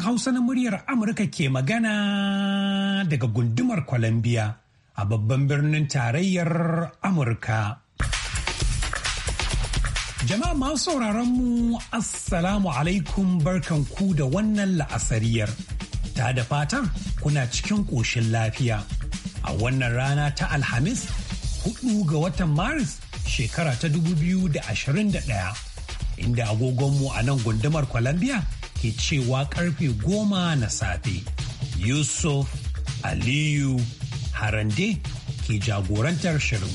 Hausa na muryar Amurka ke magana daga gundumar Columbia a babban birnin tarayyar Amurka. Jama'a masu sauraron mu Assalamu alaikum barkan ku da wannan la'asariyar. Ta da fatan kuna cikin ƙoshin lafiya. A wannan rana ta Alhamis, hudu ga watan Maris shekara ta 2021, inda agogonmu a nan gundumar Columbia ke cewa karfe goma na safe. Yusuf Aliyu Harande ke jagorantar shirin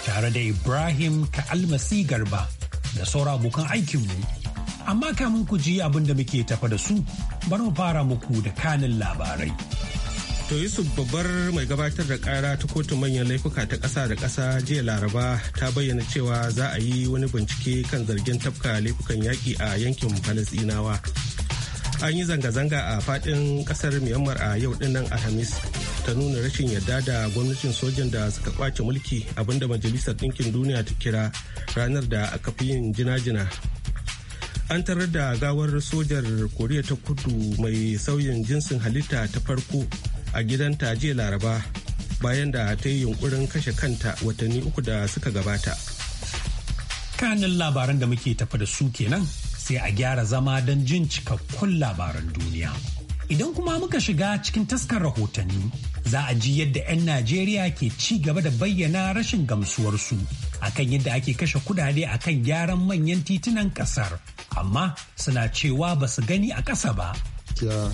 tare da Ibrahim Ka'almasi Garba da saura abokan aikinmu. Amma kamun ku ji abin da muke tafa da su bari mu fara muku da kanin labarai. To Yusuf babbar mai gabatar da ƙara ta kotun manyan laifuka ta ƙasa da ƙasa jiya Laraba ta bayyana cewa za a yi wani bincike kan zargin tafka laifukan yaƙi a yankin Falasɗinawa. an yi zanga-zanga a fadin kasar myanmar a yau dinnan alhamis ta nuna rashin yarda da gwamnatin sojan da suka kwace mulki abinda majalisar ɗinkin duniya ta kira ranar da aka fi yin jina-jina an tarar da gawar sojar koriya ta kudu mai sauyin jinsin halitta ta farko a gidanta jiya laraba bayan da ta yi yunkurin kashe kanta watanni uku da suka gabata kanin labaran da muke tafa da su kenan sai a gyara zama don jin cikakkun labaran duniya. Idan kuma muka shiga cikin taskar rahotanni, za a ji yadda 'yan Najeriya ke ci gaba da bayyana rashin gamsuwarsu akan yadda ake kashe kudade a kan gyaran manyan titunan kasar, amma suna cewa ba su gani a ƙasa ba.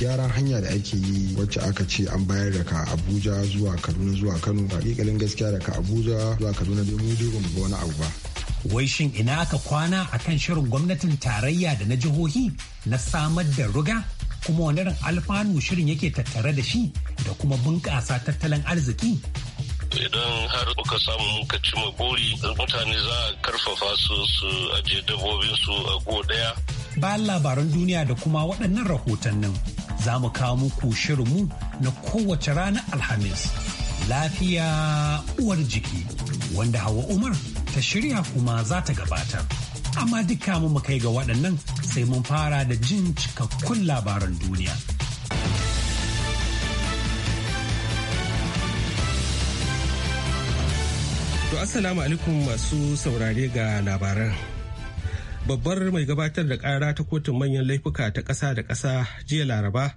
gyaran hanya da ake yi wacce aka ce an bayar da ka abuja zuwa kaduna zuwa kano hakikalin gaskiya da ka abuja zuwa kaduna dai mu dai wani abu ba wai shin ina aka kwana a kan shirin gwamnatin tarayya da na jihohi na samar da ruga kuma wani ran alfanu shirin yake tattare da shi da kuma bunƙasa tattalin arziki idan har muka samu muka cima buri mutane za a karfafa su su ajiye dabbobin su a go daya bayan labaran duniya da kuma waɗannan rahotannin za mu kawo muku mu na kowace ranar alhamis lafiya uwar jiki wanda hawa umar ta shirya kuma za ta gabatar. Amma duka mu yi ga waɗannan sai mun fara da jin cikakkun labaran duniya. To Assalamu alaikum masu saurare ga labaran. Babbar mai gabatar da ƙara ta kotun manyan laifuka ta ƙasa da ƙasa jiya Laraba.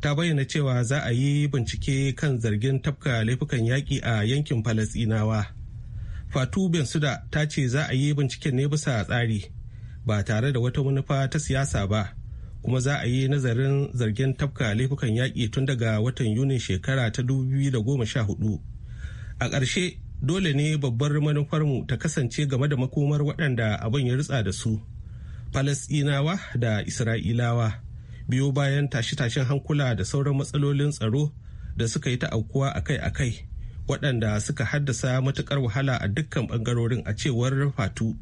ta bayyana cewa za a yi bincike kan zargin tafka laifukan yaƙi a yankin falasinawa fatu bensuda ta ce za a yi binciken ne bisa tsari ba tare da wata manufa ta siyasa ba kuma za a yi nazarin zargin tafka laifukan yaƙi tun daga watan yunin shekara ta 2014 a ƙarshe dole ne babbar manufarmu ta kasance game da makomar waɗanda abin ya rutsa da su falasɗinawa da isra'ilawa biyo bayan tashe-tashen hankula da sauran matsalolin tsaro da suka yi ta aukuwa akai-akai waɗanda suka haddasa matukar wahala a dukkan ɓangarorin a cewar fatu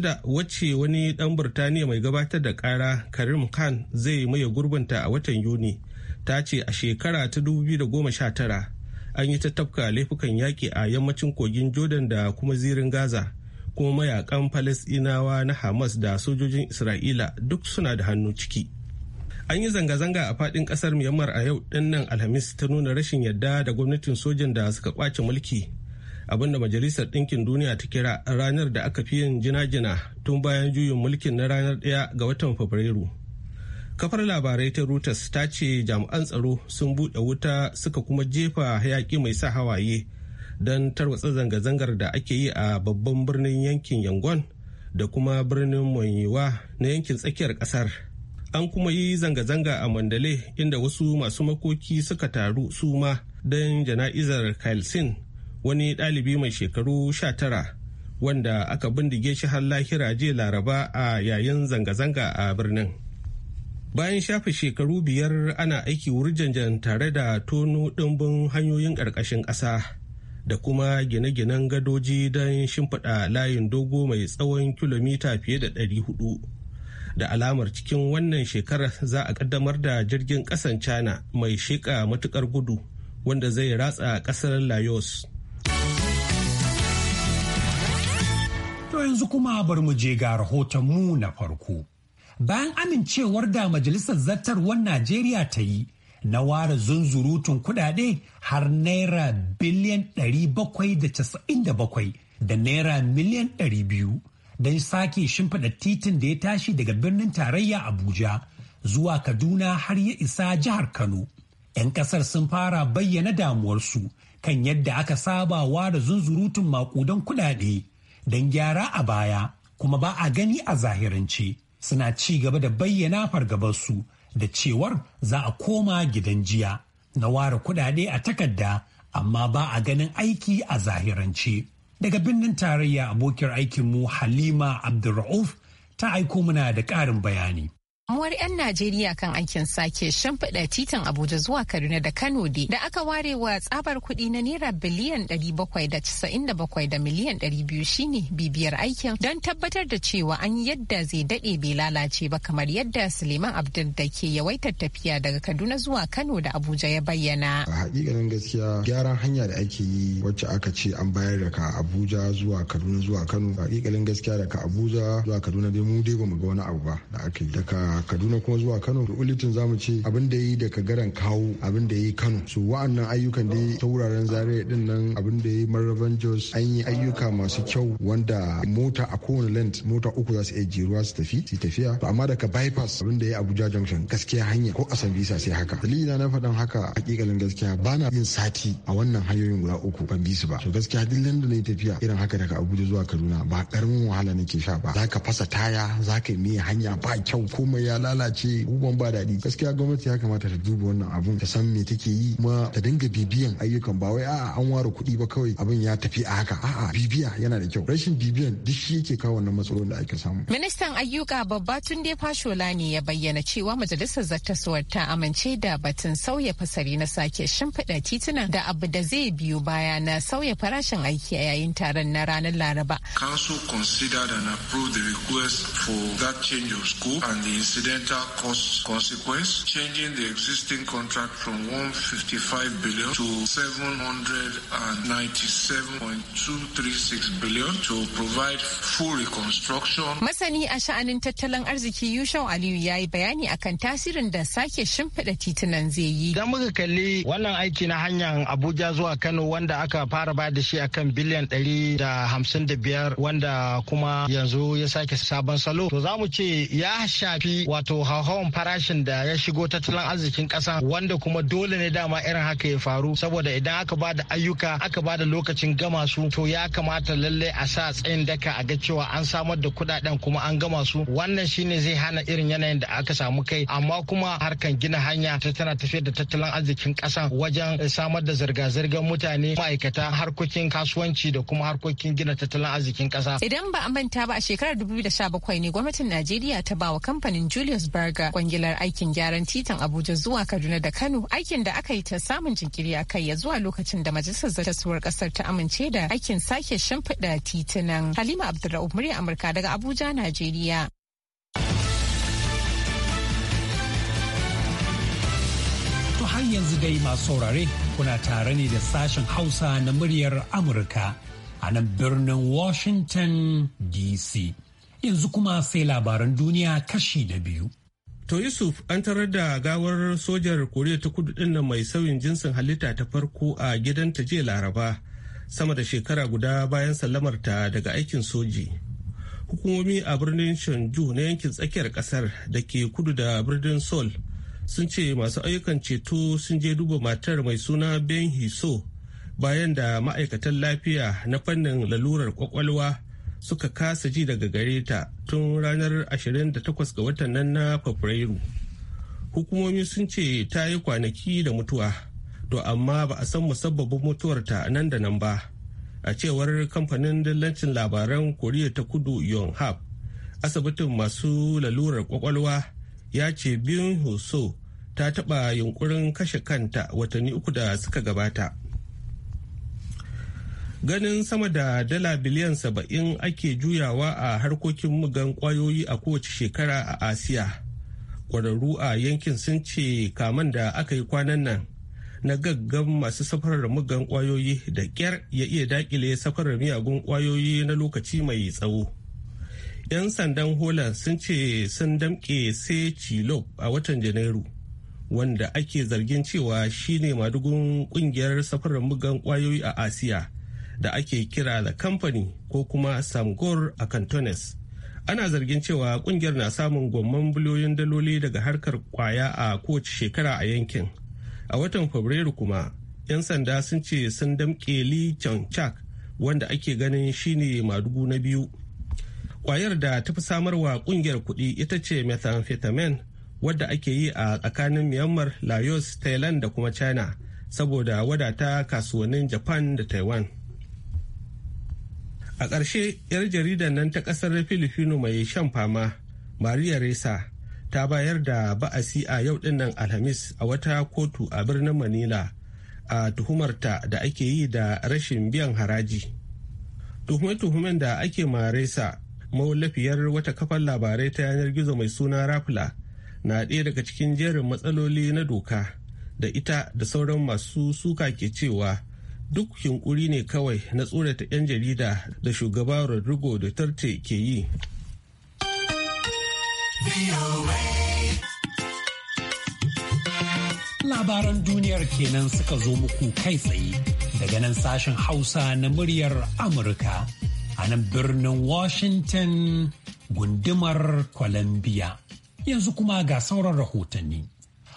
da wacce wani ɗan burtaniya mai gabatar da ƙara karim khan zai maye gurbinta a watan yuni ta ce a shekara ta 2019 an yi ta tafka laifukan yaƙi a yammacin kogin jordan da kuma zirin gaza kuma mayakan falasɗinawa na hamas da sojojin isra'ila duk suna da hannu ciki An yi zanga-zanga a fadin kasar Myanmar a yau dinnan Alhamis ta nuna rashin yadda da gwamnatin sojan da suka kwace mulki. Abinda Majalisar Ɗinkin Duniya ta kira ranar da aka fi yin jina-jina tun bayan juyin mulkin na ranar ɗaya ga watan Fabrairu. Kafar labarai ta Reuters ta ce jami'an tsaro sun buɗe wuta suka kuma jefa yaƙi mai sa hawaye don tarwatsa zanga-zangar da ake yi a babban birnin yankin Yangon da kuma birnin Monyewa na yankin tsakiyar ƙasar. an kuma yi zanga-zanga a mandale inda wasu masu makoki suka taru su ma don jana'izar kalsin wani ɗalibi mai shekaru 19 wanda aka bindige shi har lahira jiya laraba a yayin zanga-zanga a birnin bayan shafe shekaru biyar ana aiki wurjanjan tare da tono ɗimbin hanyoyin ƙarƙashin ƙasa da kuma gine-ginen gadoji don shimfiɗa layin dogo mai tsawon kilomita fiye da 400 da alamar cikin wannan shekarar za a kaddamar da jirgin kasan china mai sheƙa matukar gudu wanda zai ratsa kasar laos to yanzu kuma bar mu je ga rahotonmu na farko bayan amincewar da majalisar zartarwar najeriya ta yi na ware zunzurutun kudade har naira biliyan 797 da naira miliyan 200 don sake shimfiɗa titin da ya tashi daga birnin tarayya Abuja zuwa Kaduna har ya isa jihar Kano. 'Yan kasar sun fara bayyana damuwarsu kan yadda aka sabawa da zunzurutun makudan kuɗaɗe don gyara a baya kuma ba a gani a zahirance. Suna ci gaba da bayyana fargabarsu da cewar za a koma gidan jiya na ware kuɗaɗe a takarda amma ba a ganin aiki a zahirance. Daga birnin tarayya abokiyar aikinmu Halima Abdulra'uf ta aiko mana da ƙarin bayani. damuwar 'yan Najeriya kan aikin sake shimfiɗa titin Abuja zuwa Kaduna da Kano da da aka ware wa tsabar kuɗi na naira biliyan 797 da miliyan 200 shine bibiyar aikin don tabbatar da cewa an yi yadda zai daɗe bai lalace ba kamar yadda Suleiman Abdul da ke yawaitar tafiya daga Kaduna zuwa Kano da Abuja ya bayyana. A hakikanin gaskiya gyaran hanya da ake yi wacce aka ce an bayar da ka Abuja zuwa Kaduna zuwa Kano. a Hakikalin gaskiya daga Abuja zuwa Kaduna dai mu dai bamu ga wani abu ba da aka yi daga kaduna kuma zuwa kano ulitin zamu ce abin da yi daga garan kawo abin da yi kano su wa'annan ayyukan da ta wuraren Zare? din nan abin da yi marraban jos an yi ayyuka masu kyau wanda mota a kowane lent mota uku za su iya jeruwa su tafi su tafiya to amma daga bypass abin da ya abuja junction gaskiya hanya ko asan visa sai haka dalilina na faɗan haka hakikalin gaskiya bana yin sati a wannan hanyoyin guda uku ban bi su ba to gaskiya duk landa na yi tafiya irin haka daga abuja zuwa kaduna ba karamin wahala nake sha ba zaka fasa taya zaka yi hanya ba kyau komai ya lalace abubuwan ba daɗi gaskiya gwamnati ya kamata ta duba wannan abun ta san me take yi kuma ta dinga bibiyan ayyukan ba wai a'a an ware kuɗi ba kawai abin ya tafi a haka a'a bibiya yana da kyau rashin bibiyan duk shi yake kawo wannan matsalolin da ake samu ministan ayyuka babba tunde fashola ne ya bayyana cewa majalisar zattasuwar ta amince da batun sauya fasari na sake shimfiɗa titunan da abu da zai biyo baya na sauya farashin aiki a yayin taron na ranar laraba council considered and approved the request for that change of scope and the incidental cost consequence, changing the existing contract from 155 billion to 797.236 billion to provide full reconstruction. Masani a sha'anin tattalin arziki Yushau Aliyu ya yi bayani akan tasirin da sake shimfiɗa titunan zai yi. Idan muka kalli wannan aiki na hanyar Abuja zuwa Kano wanda aka fara ba da shi akan biliyan ɗari da hamsin da biyar wanda kuma yanzu ya sake sabon salo. To za mu ce ya shafi wato hauhawan farashin da ya shigo tattalin arzikin kasa wanda kuma dole ne dama irin haka ya faru saboda idan aka ba da ayyuka aka ba da lokacin gama su to ya kamata lalle a sa tsayin daka a ga cewa an samar da kuɗaɗen kuma an gama su wannan shine zai hana irin yanayin da aka samu kai amma kuma harkan gina hanya ta tana tafiyar da tattalin arzikin ƙasa wajen samar da zirga-zirgar mutane ma'aikata harkokin kasuwanci da kuma harkokin gina tattalin arzikin kasa. Idan ba a manta ba a shekarar 2017 ne gwamnatin Najeriya ta ba wa kamfanin Julius Berger kwangilar aikin gyaran titin Abuja zuwa Kaduna da Kano aikin da aka yi ta samun jinkiri a kai ya zuwa lokacin da majalisar zartaswar kasar ta amince da aikin sake shimfiɗa titunan. Halima Abdulrahman murya Amurka daga Abuja, Najeriya. To har yanzu dai masu saurare kuna tare ne da sashen Hausa na muryar Amurka a nan birnin Washington DC. yanzu kuma sai labaran duniya kashi da biyu. To Yusuf an tarar da gawar sojar Koriya ta kudu din nan mai sauyin jinsin halitta ta farko a gidan ta jiya Laraba sama da shekara guda bayan sallamarta daga aikin soji. Hukumomi a birnin Shanju na yankin tsakiyar kasar da ke kudu da birnin Seoul sun ce masu ayyukan ceto sun je duba matar mai suna Ben Hiso bayan da ma'aikatan lafiya na fannin lalurar kwakwalwa suka kasa ji daga gare ta tun ranar 28 ga watan nan na fabrairu hukumomi sun ce ta yi kwanaki da mutuwa to amma ba a san musabbabin mutuwarta nan da nan ba a cewar kamfanin dillancin labaran koriya ta kudu yonhap asibitin masu lalurar kwakwalwa ya ce biyun hoso ta taɓa yunkurin kashe kanta watanni uku da suka gabata ganin sama da dala biliyan saba'in ake juyawa a harkokin mugan kwayoyi a kowace shekara a asiya kwararru a yankin sun ce kaman da aka yi kwanan nan na gaggan masu safarar mugan kwayoyi da kyar ya iya dakile safarar miyagun kwayoyi na lokaci mai tsawo. 'yan sandan holand sun ce sun damke sai cilo a watan janairu wanda ake zargin cewa shine madugun kungiyar safarar mugan kwayoyi a asiya da ake kira da kamfani ko kuma samgor a cantones ana zargin cewa kungiyar na samun gwamman biliyoyin daloli daga harkar kwaya a kowace shekara a yankin a watan fabrairu kuma 'yan sanda sun ce sun damƙe li chak wanda ake ganin shine madugu na biyu kwayar da ta fi samarwa kungiyar kuɗi ita ce methamphetamine wadda ake yi a tsakanin myanmar laos thailand da kuma china saboda wadata kasuwannin japan da taiwan a ƙarshe 'yar jaridan nan ta ƙasar filifino mai shan fama maria reza ta bayar da ba'asi a yau dinnan alhamis a wata kotu a birnin manila a tuhumarta da ake yi da rashin biyan haraji tuhume-tuhumen da ake ma resa mawallafiyar wata kafar labarai ta yanar gizo mai suna rafla na ɗaya daga cikin jerin matsaloli na doka da ita da sauran masu suka ke cewa duk yunkuri ne kawai na tsorata 'yan jarida da shugaba rodrigo duterte ke yi labaran duniyar kenan suka zo muku kai tsaye daga nan sashen hausa na muryar amurka a nan birnin washington gundumar columbia yanzu kuma ga sauran rahotanni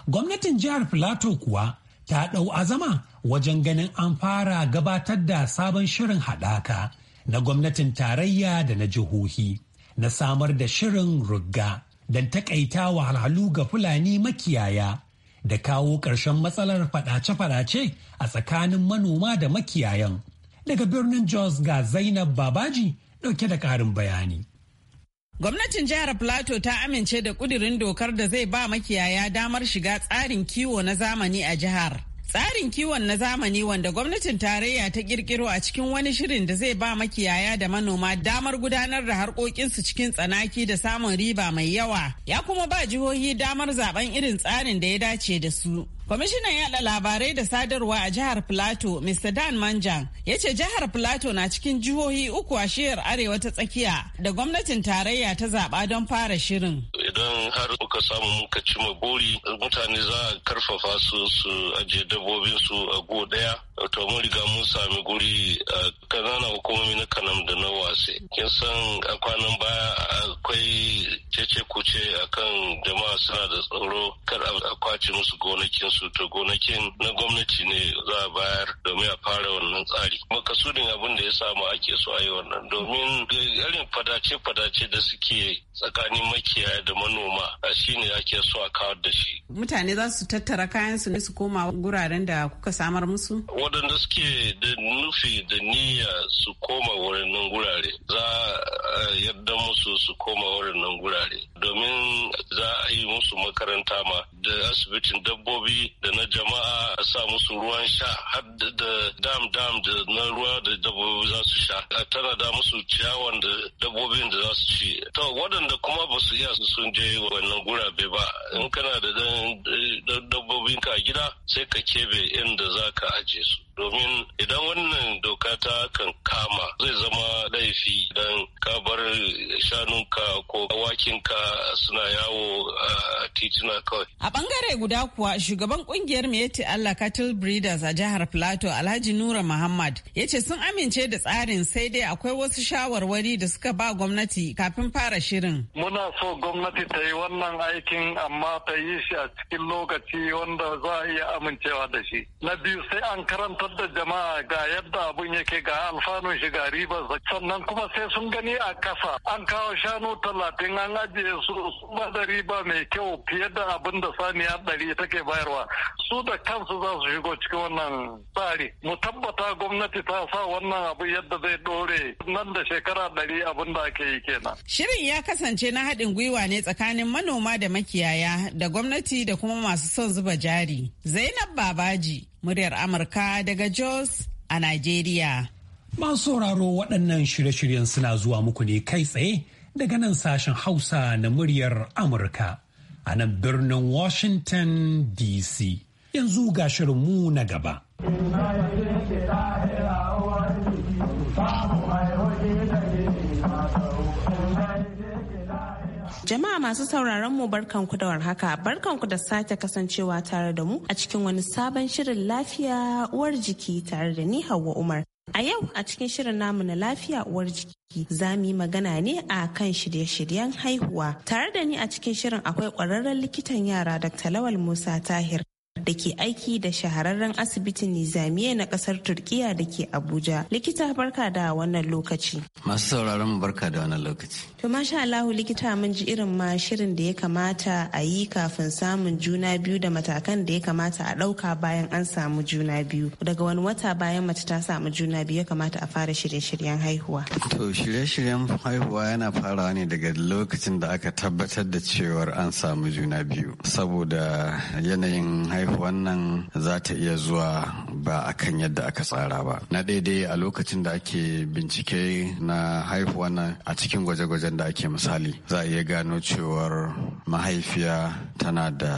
gwamnatin jihar plateau kuwa ta ɗau azama wajen ganin an fara gabatar da sabon shirin haɗaka na gwamnatin tarayya da na jihohi na samar da shirin rugga don takaita wahalhalu ga Fulani makiyaya da kawo ƙarshen matsalar faɗace-faɗace a tsakanin manoma da makiyayan. Daga birnin Jos ga Zainab Babaji ɗauke da ƙarin bayani. Gwamnatin jihar Plateau ta amince da ƙudirin dokar da zai ba makiyaya damar shiga tsarin kiwo na zamani a jihar. Tsarin kiwon na zamani wanda gwamnatin tarayya ta kirkiro a cikin wani shirin da zai ba makiyaya da manoma damar gudanar da harkokinsu cikin tsanaki da samun riba mai yawa, ya kuma ba jihohi damar zaben irin tsarin da ya dace da su. Kwamishinan yada labarai da sadarwa a jihar Filato, Mr. Dan Manjan, ya ce jihar Filato na cikin jihohi uku a shiyar arewa ta tsakiya da gwamnatin tarayya ta zaɓa don fara shirin. Idan har muka samu muka cima buri, mutane za a karfafa su su ajiye dabbobin su a go daya To mun riga mun sami guri a kanana hukumomi na kanam da na wase. Kin san a kwanan baya akwai cece kuce akan jama'a suna da tsaro kar a kwace musu gonakinsu su to gonakin na gwamnati ne za a bayar domin a fara wannan tsari makasudin abin da ya samu ake so a yi wannan domin irin fadace-fadace da suke tsakanin makiyaya da manoma shine ake so a kawar da shi. Mutane za su tattara kayan su ne su koma guraren da kuka samar musu? Waɗanda suke da nufi da niyya su koma wurin gurare za a yarda musu su koma wurin gurare domin za a yi musu makaranta ma da asibitin dabbobi da na jama'a a sa musu ruwan sha har da dam dam da na ruwa da dabbobi za su sha a tana da musu ciyawan da dabbobin da za su ci. waɗanda kuma ba su iya sun je wannan gurabe ba in kana da eh, dabbobinka a gida sai ka kebe inda za ka aje su domin idan wannan doka ta kan kama zai zama laifi idan ka bar shanunka ko wakinka suna yawo a tituna kawai. A bangare guda kuwa shugaban kungiyar yace Allah Cattle Breeders a jihar Plateau Alhaji Nura Muhammad ya ce sun amince da tsarin sai dai akwai wasu shawarwari da suka ba gwamnati kafin fara shirin. Muna so gwamnati ta yi wannan aikin amma ta yi shi a cikin lokaci wanda za a iya amincewa da shi. Na biyu sai an karanta tunatar da jama'a ga yadda abun yake ga alfanun shi ga ribar sannan kuma sai sun gani a kasa an kawo shanu talatin an ajiye su ba da riba mai kyau fiye da abin da saniya ɗari take bayarwa su da kansu za su shigo cikin wannan tsari mu tabbata gwamnati ta sa wannan abu yadda zai dore nan da shekara ɗari abin da ake yi kenan. Shirin ya kasance na haɗin gwiwa ne tsakanin manoma da makiyaya da gwamnati da kuma masu son zuba jari. Zainab Babaji muryar Amurka daga Jos a Najeriya. Masu sauraro waɗannan shirye-shiryen suna zuwa muku ne kai tsaye daga nan sashen Hausa na muryar Amurka a nan birnin Washington DC. Yanzu ga mu na gaba. Jama'a masu sauraron mu barkanku da warhaka, barkanku da sake kasancewa tare da mu a cikin wani sabon shirin lafiya uwar jiki tare da ni Hauwa Umar. A yau a cikin shirin namu na lafiya uwar jiki za mu yi magana ne a kan shirye-shiryen haihuwa. Tare da ni a cikin shirin akwai kwararren likitan yara Dr. Lawal Musa Tahir da ke aiki da shahararren asibitin nizamiya na kasar turkiya da ke abuja likita barka da wannan lokaci masu sauraron mu barka da wannan lokaci to masha allahu likita mun ji irin ma shirin da ya kamata a yi kafin samun juna biyu da matakan da ya kamata a ɗauka bayan an samu juna biyu daga wani wata bayan mace ta samu juna biyu ya kamata a fara shirye-shiryen haihuwa to shirye-shiryen haihuwa yana farawa ne daga lokacin da aka tabbatar da cewar an samu juna biyu saboda yanayin haihuwa wannan za ta iya zuwa ba a kan yadda aka tsara ba na daidai a lokacin da ake bincike na haihuwa nan a cikin gwaje-gwajen da ake misali za a iya gano cewar mahaifiya tana da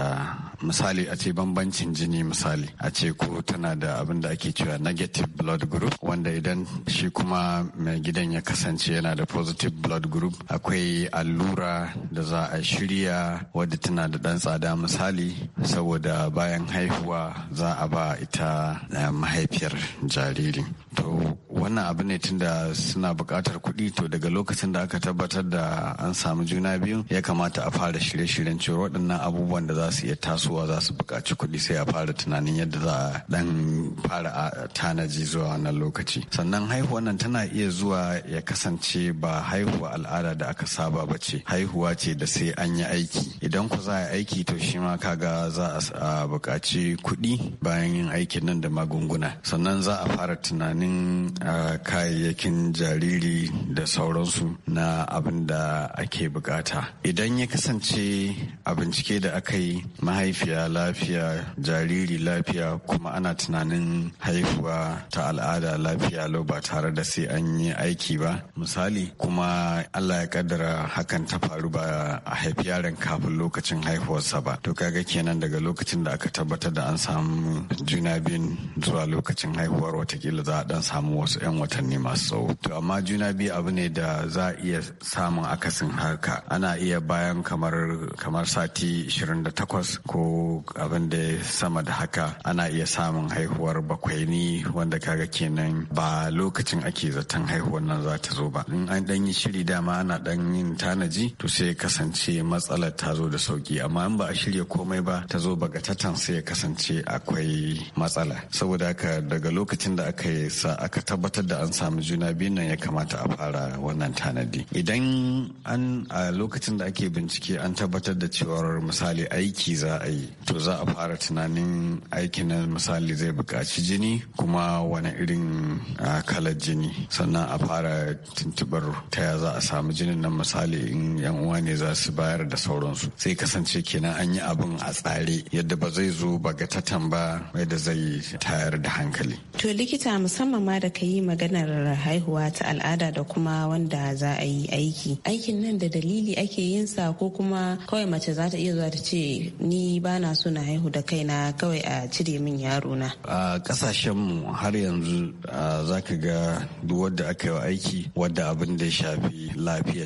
misali a ce bambancin jini misali a ce ko tana da abin da ake cewa negative blood group wanda idan shi kuma mai gidan ya kasance yana da positive blood group akwai allura da za a shirya wadda tana da ɗan tsada misali saboda bayan haihuwa za a ba ita eh, mahaifiyar jariri to wannan abu ne tunda suna buƙatar kuɗi to daga lokacin da aka tabbatar da an samu juna biyu ya kamata a fara shirye-shiryen cewa waɗannan abubuwan da za su iya taso kasuwa za su buƙaci kuɗi sai a fara tunanin yadda za a dan fara a tanaji zuwa wannan lokaci sannan haihuwa nan tana iya zuwa ya kasance ba haihuwa al'ada da aka saba ba ce haihuwa ce da sai an yi aiki idan ku za a aiki to shi ma kaga za a buƙaci kuɗi bayan yin aikin nan da magunguna sannan za a fara tunanin kayayyakin jariri da sauransu na abin da ake bukata idan ya kasance a bincike da aka yi mahaifi mahaifiya lafiya jariri lafiya kuma ana tunanin haihuwa ta al'ada lafiya lau ba tare da sai an yi aiki ba misali kuma allah ya kaddara hakan ta faru ba a haifi yaron kafin lokacin haihuwarsa ba to kaga kenan daga lokacin da aka tabbatar da an samu juna biyun zuwa lokacin haihuwar watakila za a dan samu wasu 'yan watanni masu tsawo to amma juna biyu abu ne da za a iya samun akasin haka ana iya bayan kamar kamar sati 28 ko ko abin da sama da haka ana iya samun haihuwar bakwai ni wanda kaga kenan ba lokacin ake zaton haihuwar nan za ta zo ba in an dan yi shiri dama ana dan yin tanaji to sai kasance matsalar ta zo da sauki amma in ba a shirya komai ba ta zo ba bagatatan sai ya kasance akwai matsala saboda haka daga lokacin da aka yi sa aka tabbatar da an samu juna biyun nan ya kamata a fara wannan tanadi idan an a lokacin da ake bincike an tabbatar da cewar misali aiki za a yi to za a fara tunanin aikin na misali zai buƙaci jini kuma wani irin kalar jini sannan a fara tuntubar ta ya za a samu jinin nan misali in yan uwa ne za su bayar da sauransu sai kasance kenan an yi abin a tsare yadda ba zai zo ba tatan ba yadda zai tayar da hankali to likita musamman ma da ka yi maganar haihuwa ta al'ada da kuma wanda za a yi aiki aikin nan da dalili ake yin sa ko kuma kawai mace za ta iya zuwa ta ce ni ba na so na haihu da kaina kawai a cire min yaro na a kasashen mu har yanzu za ka ga duk wadda aka yi aiki wadda abin da ya shafi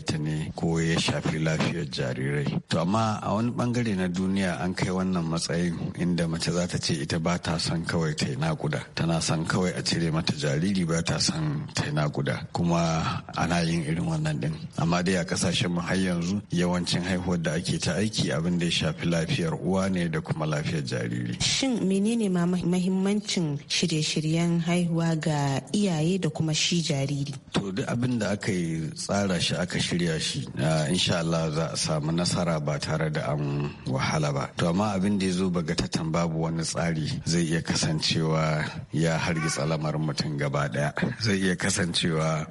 ta ne ko ya shafi lafiyar jarirai to amma a wani bangare na duniya an kai wannan matsayin inda mace za ta ce ita ba ta son kawai ta yi nakuda tana son kawai a cire mata jariri ba ta son ta yi nakuda kuma ana yin irin wannan din amma dai a kasashen mu har yanzu yawancin haihuwar da ake ta aiki abin da ya shafi lafiyar uwa ne da kuma lafiyar jariri. Shin menene ma mahimmancin shirye-shiryen haihuwa ga iyaye da kuma shi jariri? To duk abin da aka yi tsara shi aka shirya shi insha Allah za a samu nasara ba tare da an wahala ba. To amma abin da ya zo ba bagatatan babu wani tsari zai iya kasancewa ya hargi tsalamar mutum gaba daya. Zai iya kasancewa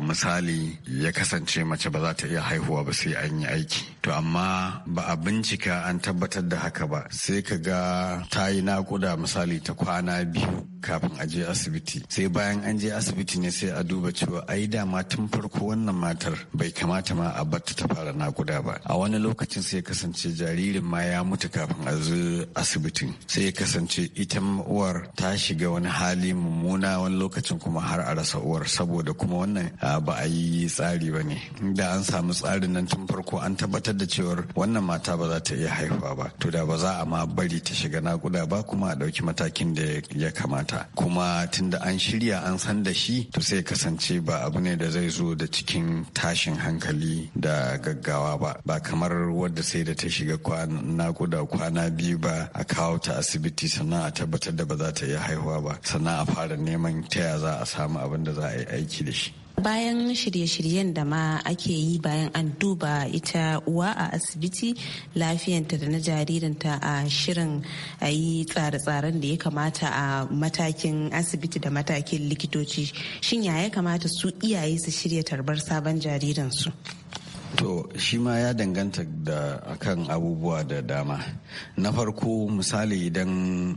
misali ya kasance mace ba za ta iya haihuwa ba sai an yi aiki. To amma ba a bincika an tabbatar da haka haka ba sai ka ga ta yi nakuda misali ta kwana biyu kafin a je asibiti sai bayan an je asibiti ne sai a duba cewa ai dama tun farko wannan matar bai kamata ma a batta ta fara nakuda ba a wani lokacin sai kasance jaririn ma ya mutu kafin a zo asibitin sai kasance ita uwar ta shiga wani hali mummuna wani lokacin kuma har a rasa uwar saboda kuma wannan ba a yi tsari ba ne da an samu tsarin nan tun farko an tabbatar da cewar wannan mata ba za ta iya haihuwa ba to da ba ba za a ma bari ta shiga nakuda ba kuma a ɗauki matakin da ya kamata kuma tunda an shirya an san da shi to sai kasance ba abu ne da zai zo da cikin tashin hankali da gaggawa ba ba kamar wadda sai da ta shiga nakuda kwana biyu ba a kawo ta asibiti sannan a tabbatar da ba za ta iya haihuwa ba sannan a fara neman taya za a samu abin da za a yi aiki da shi bayan shirye-shiryen da ma ake yi bayan an duba ita uwa a asibiti lafiyanta da na jaririnta a shirin a yi tsare-tsaren da ya kamata a matakin asibiti da matakin likitoci shin ya kamata su iyaye su shirya tarbar sabon jaririnsu To shi ma ya danganta da akan abubuwa da dama. Na farko misali idan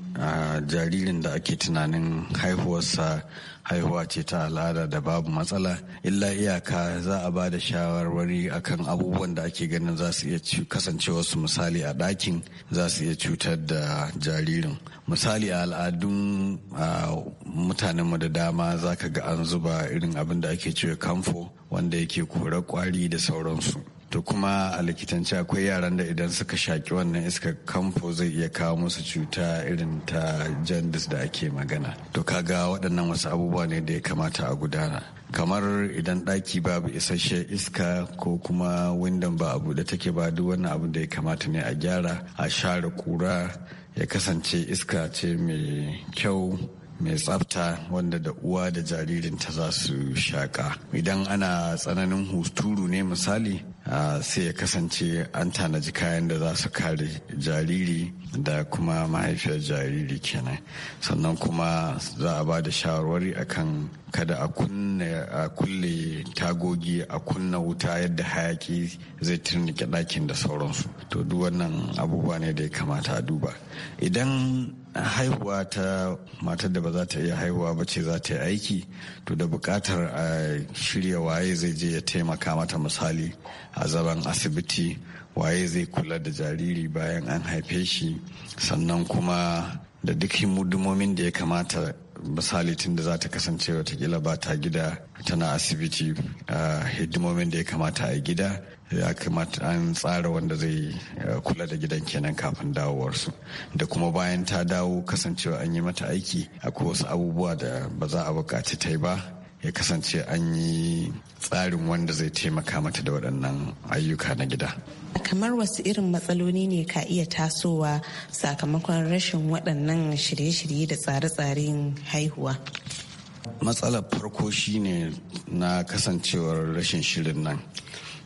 jaririn da ake tunanin haihuwarsa haihuwa ce ta al'ada da babu matsala illa iyaka za a ba da shawarwari akan abubuwan da ake ganin za su iya kasancewa su misali a ɗakin za su iya cutar da jaririn misali a al'adun mutanenmu da dama za ka ga an zuba irin abin da ake cewa kamfo wanda yake kore kwari da sauransu to kuma a likitanci akwai yaran da idan suka shaki wannan iska kamfo zai iya kawo musu cuta irin ta jandis da ake magana to kaga waɗannan wasu abubuwa ne da ya kamata a gudana kamar idan ɗaki babu isasshen iska ko kuma windon ba abu da take ba duk wannan abu da ya kamata ne a gyara a share kura ya kasance iska ce mai kyau mai tsafta wanda da uwa da jaririnta za su shaƙa idan ana tsananin huturu ne misali sai ya kasance an tanaji kayan da za su kare jariri da kuma mahaifiyar jariri kenan sannan kuma za a ba da shawarwari akan kada a kulle tagogi a kunna wuta yadda hayaki zai turnike ɗakin da sauransu to duk wannan abubuwa ne da ya kamata a duba idan haihuwa ta matar da ba za ta iya haihuwa ba ce za ta yi aiki to da bukatar a shirya waye zai je ya taimaka mata misali a zaben asibiti waye zai kula da jariri bayan an haife shi sannan kuma da duk himudimomin da ya kamata misalitin da za ta kasance watakila ba ta gida tana asibiti a hidimomin da ya kamata a gida ya kamata an tsara wanda zai kula da gidan kenan kafin dawowarsu da kuma bayan ta dawo kasancewa an yi mata aiki akwai wasu abubuwa da ba za a bukaci ta yi ba ya kasance an yi tsarin wanda zai taimaka mata da waɗannan ayyuka na gida kamar wasu irin matsaloli ne ka iya tasowa sakamakon rashin waɗannan shirye-shirye da tsare-tsaren haihuwa matsalar farko shine na kasancewar rashin shirin nan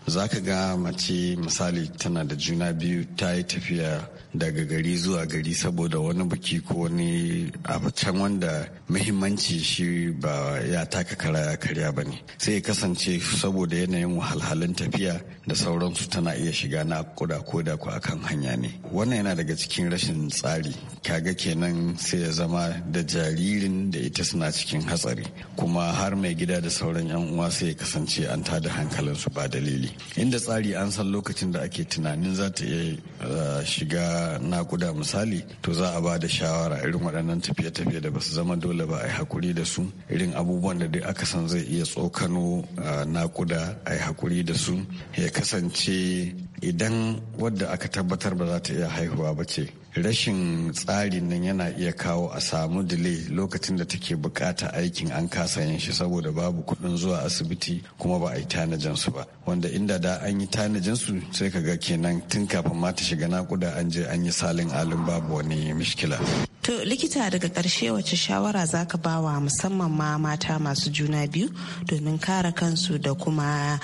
za ka ga mace misali tana da juna biyu ta yi tafiya daga gari zuwa gari saboda wani biki ko wani abu can wanda muhimmanci shi ba ya taka kara karya ba ne sai ya kasance saboda yanayin wahalhalun tafiya da sauransu tana iya shiga na kuda ko da ku akan hanya ne wannan yana daga cikin rashin tsari kaga kenan sai ya zama da jaririn da ita suna cikin hatsari kuma har mai gida da sauran yan uwa sai ya kasance an tada hankalinsu ba dalili inda tsari an san lokacin da ake tunanin za ta iya eh, shiga na nakuda misali to za a ba da shawara irin waɗannan tafiye-tafiye da ba su zama dole ba a yi hakuri da su irin abubuwan da duk aka san zai iya tsokano nakuda a yi hakuri da su ya kasance idan wadda aka tabbatar ba za ta iya haihuwa ba ce rashin tsarin nan yana iya kawo a samu delay lokacin da take bukata aikin an kasa yin shi saboda babu kuɗin zuwa asibiti kuma ba a yi tanajin su ba wanda inda da an yi tanajin su sai ka ga kenan tun kafin ma ta shiga nakuda an je an yi salin alin babu wani mishkila to likita daga karshe wace shawara zaka wa musamman ma mata masu juna biyu domin kare kansu da kuma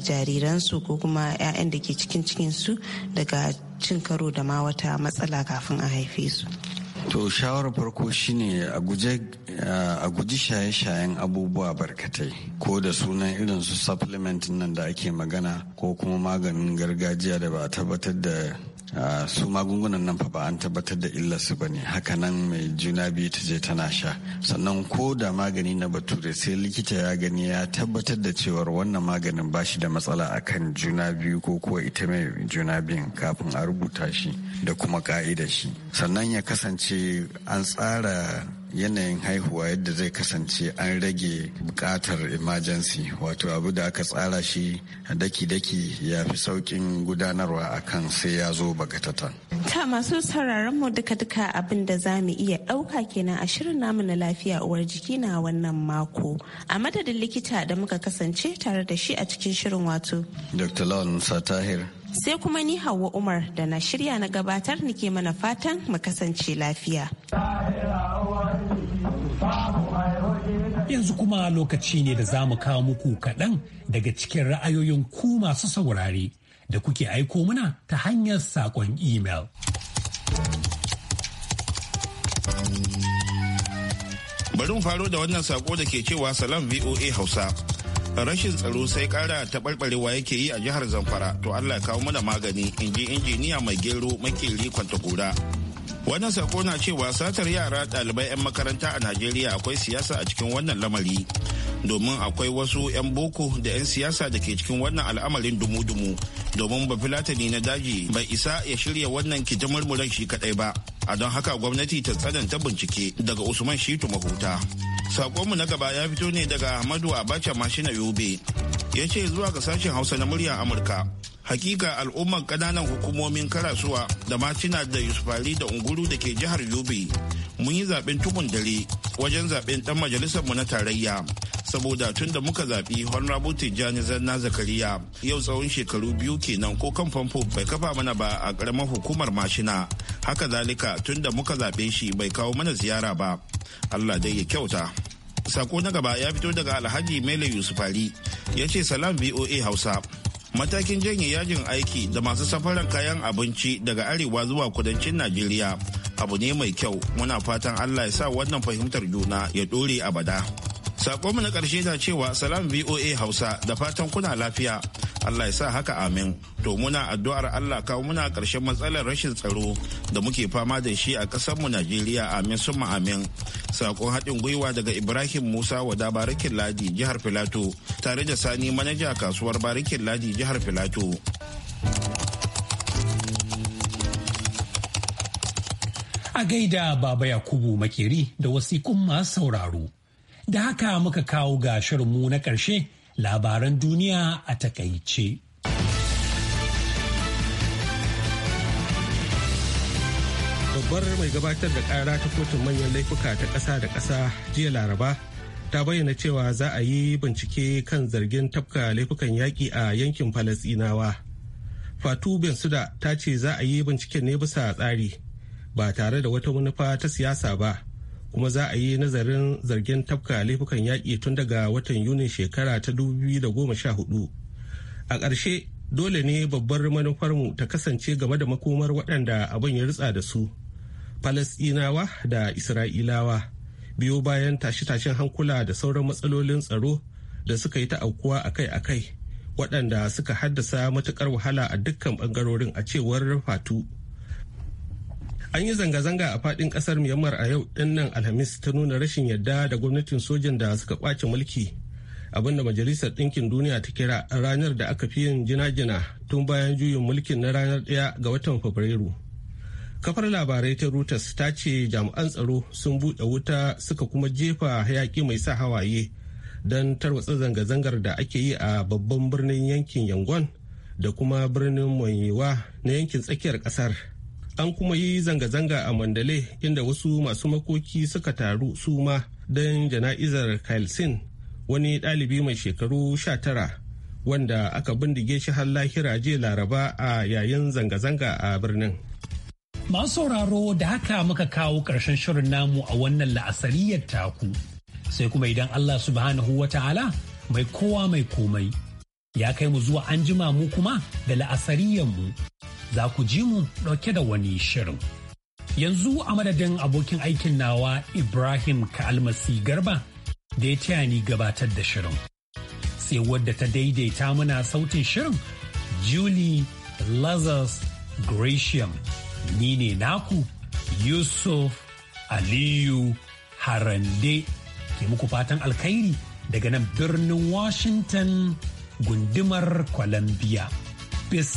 jariransu ko kuma 'ya'yan da ke cikin cikinsu daga cin karo da ma wata matsala matsala kafin a haife su to shawarar farko shine eh, a guji shaye-shayen abubuwa barkatai ko da sunan irin su supplement nan da ake magana ko kuma maganin gargajiya da ba a tabbatar da Ah, su magungunan nan fa ba an tabbatar da illarsu ba ne nan mai juna biyu ta je tana sha sannan ko da magani na bature sai likita ya gani ya tabbatar da cewar wannan maganin ba shi da matsala akan juna biyu ko kuwa ita mai juna biyun kafin a rubuta shi da kuma ka'ida shi sannan ya kasance an tsara yanayin haihuwa yadda zai kasance an rage bukatar emergency wato abu da aka tsara shi daki-daki ya fi saukin gudanarwa akan sai ya zo bagatatan. ta masu sauraron mu duka-duka abin da za mu iya ɗauka kenan a shirin namu na lafiya uwar jiki na wannan mako a madadin likita da muka kasance tare da shi a cikin shirin wato. dr lawan musa tahir sai kuma ni hawa umar da na shirya na gabatar nike mana fatan mu kasance lafiya. Yanzu kuma lokaci ne da za mu kawo muku kaɗan daga cikin ra'ayoyin ku masu saurare da kuke aiko muna ta hanyar saƙon email. Bari mu faro da wannan saƙo da ke cewa salam VOA Hausa. rashin tsaro sai kara taɓarɓarewa yake yi a jihar zamfara to allah kawo mana magani in ji injiniya mai gero makeri kwanta gora wannan sako na cewa satar yara ɗalibai 'yan makaranta a najeriya akwai siyasa a cikin wannan lamari domin akwai wasu 'yan boko da 'yan siyasa da ke cikin wannan al'amarin dumu-dumu domin ba filatani na daji bai isa ya shirya wannan kitimurmuran shi kadai ba a don haka gwamnati ta tsananta bincike daga usman shitu mahuta Sakonmu na gaba ya fito ne daga Ahmadu Abacha Mashina Yobe. Ya ce zuwa ga sashen Hausa na murya Amurka. Hakika al'ummar kananan hukumomin karasuwa da matina da yusufari da unguru da ke jihar Yobe. Mun yi zaben tukun dare wajen zaben dan majalisarmu na tarayya. Saboda tun da muka zaɓi Honorable Tijjani Zanna Zakariya yau tsawon shekaru biyu kenan ko kan famfo bai kafa mana ba a ƙaramar hukumar mashina. Haka zalika tun da muka zaɓe shi bai kawo mana ziyara ba. Allah dai ya kyauta. Sako na gaba ya fito daga Alhaji Mele Yusufari ya ce salam VOA Hausa. Matakin janye yajin aiki da masu safaran kayan abinci daga arewa zuwa kudancin Najeriya abu ne mai kyau muna fatan Allah ya sa wannan fahimtar juna ya dore abada. Sakonmu na ƙarshe na cewa salam VOA Hausa da fatan kuna lafiya. Allah ya sa haka amin. To muna addu'ar Allah kawo muna ƙarshen matsalar rashin tsaro da muke fama da shi a ƙasarmu Najeriya amin suma amin. Sakon haɗin gwiwa daga Ibrahim Musa wa Barikin Ladi jihar Filato tare da Sani manaja kasuwar Barikin Ladi jihar Filato. A gaida Baba Yakubu Makeri da wasikun masu sauraro. Da haka muka kawo ga shirinmu na ƙarshe labaran duniya a takaice. Babbar mai gabatar da ƙara ta kotun manyan laifuka ta ƙasa da ƙasa jiya Laraba ta bayyana cewa za a yi bincike kan zargin tafka laifukan yaƙi a yankin Falasinawa, Fatu Bensuda ta ce za a yi binciken ne bisa tsari ba tare da wata manufa ta siyasa ba. kuma za a yi nazarin zargin tafka laifukan yaƙi tun daga watan yunin shekara ta 2014 a ƙarshe dole ne babbar manufarmu ta kasance game da makomar waɗanda abin ya ritsa da su falasɗinawa da isra'ilawa biyo bayan tashe-tashen hankula da sauran matsalolin tsaro da suka yi ta aukuwa akai-akai waɗanda suka haddasa matuƙar wahala a dukkan ɓangarorin a cewar fatu an yi zanga-zanga a fadin kasar myanmar a yau nan alhamis ta nuna rashin yarda da gwamnatin sojan da suka kwace mulki abinda majalisar ɗinkin duniya ta kira ranar da aka fi yin jina-jina tun bayan juyin mulkin na ranar ɗaya ga watan fabrairu kafar labarai ta reuters ta ce jami'an tsaro sun buɗe wuta suka kuma jefa hayaƙi mai sa hawaye don tarwatsa zanga-zangar da ake yi a babban birnin yankin yangon da kuma birnin mayewa na yankin tsakiyar ƙasar an kuma yi zanga-zanga a mandale inda wasu masu makoki suka taru su ma don jana'izar kalsin wani ɗalibi mai shekaru 19 wanda aka bindige shi har lahira je laraba a yayin zanga-zanga a birnin masu sauraro da haka muka kawo ƙarshen shirin namu a wannan la'asariyar taku sai kuma idan allah subhanahu wa ta'ala mai kowa mai komai ya kai mu zuwa an jima mu kuma da la'asariyar mu za ku ji mu ɗauke da wani shirin. Yanzu a madadin abokin aikin nawa Ibrahim Kalmasi Garba da ya taya ni gabatar da shirin. Sai wadda ta daidaita muna sautin shirin Julie Lazarus Gratiam. Ni ne naku Yusuf Aliyu Harande ke muku fatan alkhairi daga nan birnin Washington gundumar Columbia. Bis